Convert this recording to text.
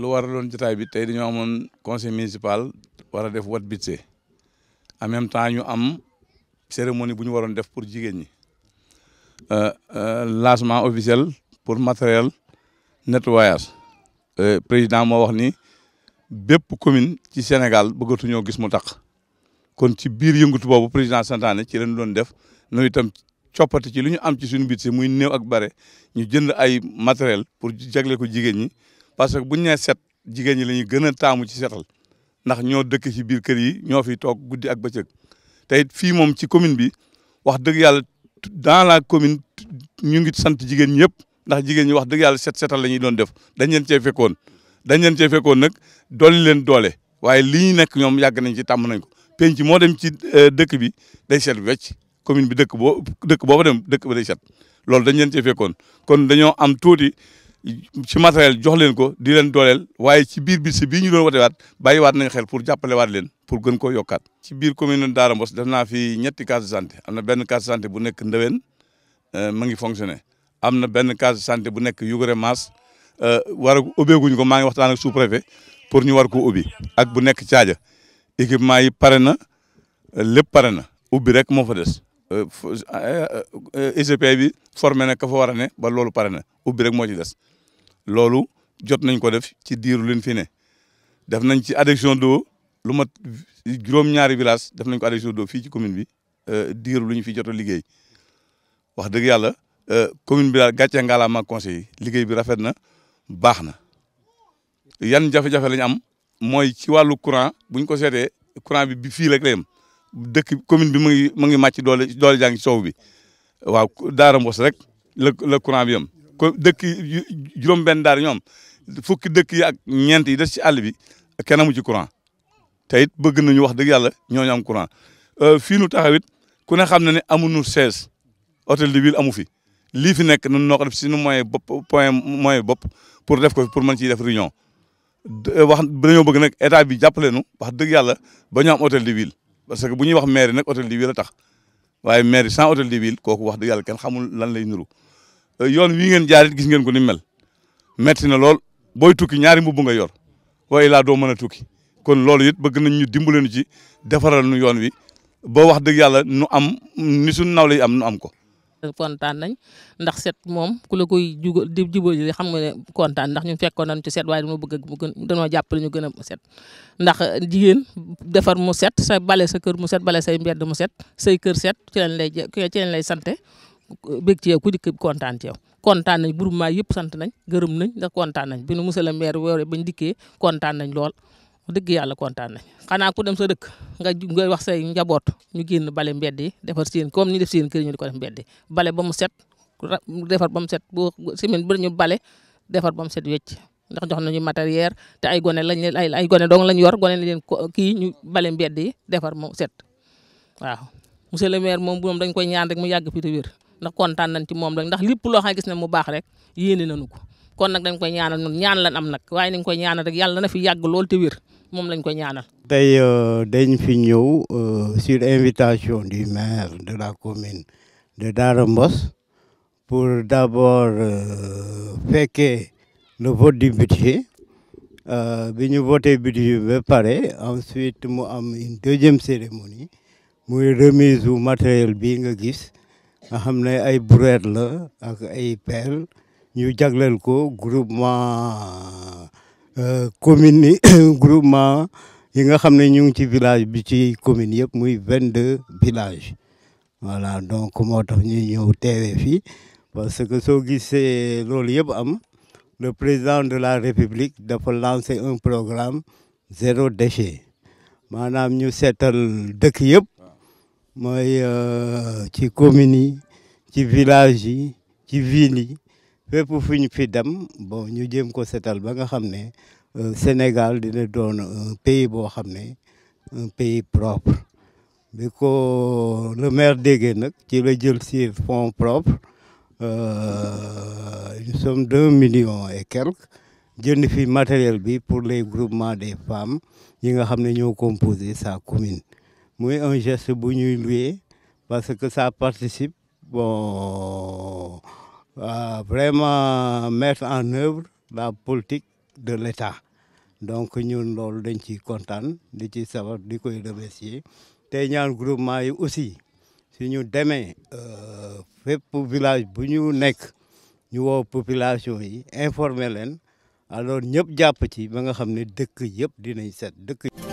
lu war loon jotaay bi tey dañoo amoon conseil municipal war def wat budget en même temps ñu am cérémonie bu ñu waroon def pour jigéen ñi euh, euh, lancement officiel pour matériel nettoyage euh, président moo wax ni bépp commune ci Sénégal bëggatuñoo gis mu taq kon ci biir yëngatu boobu président santaane ci lañ doon def nu itam coppati ci li ñu am ci suñu budget muy néew ak bare ñu jënd ay matériel pour jagle ko jigéen ñi parce que buñ nee set jigéen ñi la ñuy gën a taamu ci setal ndax ñoo dëkk ci biir kër yi ñoo fi toog guddi ak bëccëg te it fii moom ci commune bi wax dëgg yàlla dans la commune ñu ngi sant jigéen ñëpp ndax jigéen ñi wax dëgg yàlla set setal la ñuy doon def dañ leen cee fekkoon dañ leen cee fekkoon nag dolli leen doole waaye li ñu nekk ñoom yàgg nañ ci tàmm nañ ko penc moo dem ci euh, dëkk bi day set wecc commune bi dëkk boo dëkk booba dem dëkk ba day set loolu dañ leen cee fekkoon kon dañoo ci matériel jox leen ko di leen dooleel waaye ci biir bi si bi ñu doon watewaat bàyyiwaat nañ xel pour jàppalewaat leen pour gën ko yokkaat. ci biir commune Daara mbos def naa fi ñetti case santé am na benn case santé bu nekk Ndewen ma ngi fonctionné am na benn case santé bu nekk Yugure Maas war a ubbeeguñ ko maa ngi waxtaan ak sous préfet pour ñu war ko ubbi ak bu nekk Caaja équipement yi pare na lépp pare na ubbi rek moo fa des. ICP bi formé na ka fa war a ne ba loolu pare na ubbi rek moo ci des. loolu jot nañ ko def ci diir leen fi ne def nañ ci adduction d'eau lu mat juróom-ñaari village def nañ ko adduction d'eau fii ci commune bi euh, diir lu ñu fi jot liggéey wax dëgg yàlla euh, commune bi daal gàcce ngaalaama conseil yi liggéey bi rafet na baax na yan jafe-jafe am mooy ci wàllu courant buñ ko seetee courant bi bi fii rek la yem dëkk commune bi mu ngi mu ngi màcc doole doole jàng ci soow bi waaw daara mbos rek la la courant bi yem ko dëkk juróom-benn daar ñoom fukki dëkk yi ak ñeent yi des ci àll bi kenn mu ci courant te it bëgg ñu wax dëgg yàlla ñoo am courant euh, fii nu taxawit ku ne xam na ne amuñu chaise hôtel de ville amu fi lii fi nekk nun noo def si nu moyen bopp point moyen bopp pour def ko pour man ciy def réunion euh, wax dañoo bëgg nag état bi jàppale nu wax dëgg yàlla ba ñu am hôtel de ville parce que bu ñuy wax mairie nag hôtel de ville a tax waaye mairie sans hôtel de ville kooku wax dëgg yàlla kenn xamul lan lay nuru Euh, yoon wi ngeen jaarit gis ngeen ko ni mel metti na lool booy tukki ñaari mbubb nga yor waaye laa doo mën a tukki kon loolu it bëgg nañ ñu dimbale nu ci defaral nu yoon wi ba wax dëgg yàlla nu am ni suñu naw am nu am ko kontaan nañ ndax set moom ku la koy jugo di jubóo ji xam nga ne kontaan ndax ñu fekkoon nañ ci set waaye moo bëgg mu gën dañoo jàppale ñu gën a set ndax jigéen defar mu set sa bale sa kër mu set bale say mbedd mu set say kër set ci lañ lay ci sante bég ci yow ku dikk kontaan ci yow kontaan nañ groupement yëpp sant nañ gërëm nañ ndax kontaan nañ bi nu monsieur le maire woore bañ dikkee kontaan nañ lool dëgg yàlla kontaan nañ xanaa ku dem sa dëkk nga ngay wax say njaboot ñu génn bale mbedd yi defar seen comme ñu def seen kër ñu di ko def mbedd yi bale ba mu set defar ba mu set boo semaine bi ñu bale defar ba mu set wecc ndax jox nañu matériel te ay gone lañ ay ay gone dong lañ yor gone leen kii ñu bale mbedd yi defar mu set ndax kontaan nañ ci moom rek ndax lépp loo xam gis na mu baax rek yéene nañu ko kon nag dañ koy ñaanal ñun ñaan lan am nag waaye nañ koy ñaanal rek yàlla na fi yàgg lool te wér moom lañ koy ñaanal. tey euh, dañ fi ñëw euh, sur invitation du maire de la commune de Darou Mboss pour d'abord euh, fekkee le vote du budget bi ñu voté budget ba pare ensuite mu am une deuxième cérémonie muy remise matériel bii nga gis. xamné avons ay brouette la ak ay pelle ñu jagleel ko groupement euh, commune groupement yi nga xamné ñu ngi ci village bi ci commune yépp muy 22 villages voilà donc nous tax ñuy ñëw teewee parce que so gissé loolu yépp am le président de la république dafa lancer un programme zéro déchet manam ñu sétal dëkk yépp mooy euh, ci communes yi ci villages des ci villes Mais pour finir, nous fi dem bon ñu ko ba nga euh, Sénégal dina un pays un pays propre bi ko le maire de nag qui la jël un fonds propre euh, nous sommes 2 millions et quelques fait fi matériel pour les groupements des femmes qui nga composé sa commune muy un geste bu lui, parce que ça participe bon à vraiment mettre en œuvre la politique de l'État donc ñun loolu dañ ciy kontaan di ci sawar et koy remercier tey ñaan groupement yi aussi su ñu demee euh, fépp village bu nek, nous ñu woo population yi informer leen alors ñëpp jàpp ci ba nga xam ne dëkk yëpp dinañ set dëkk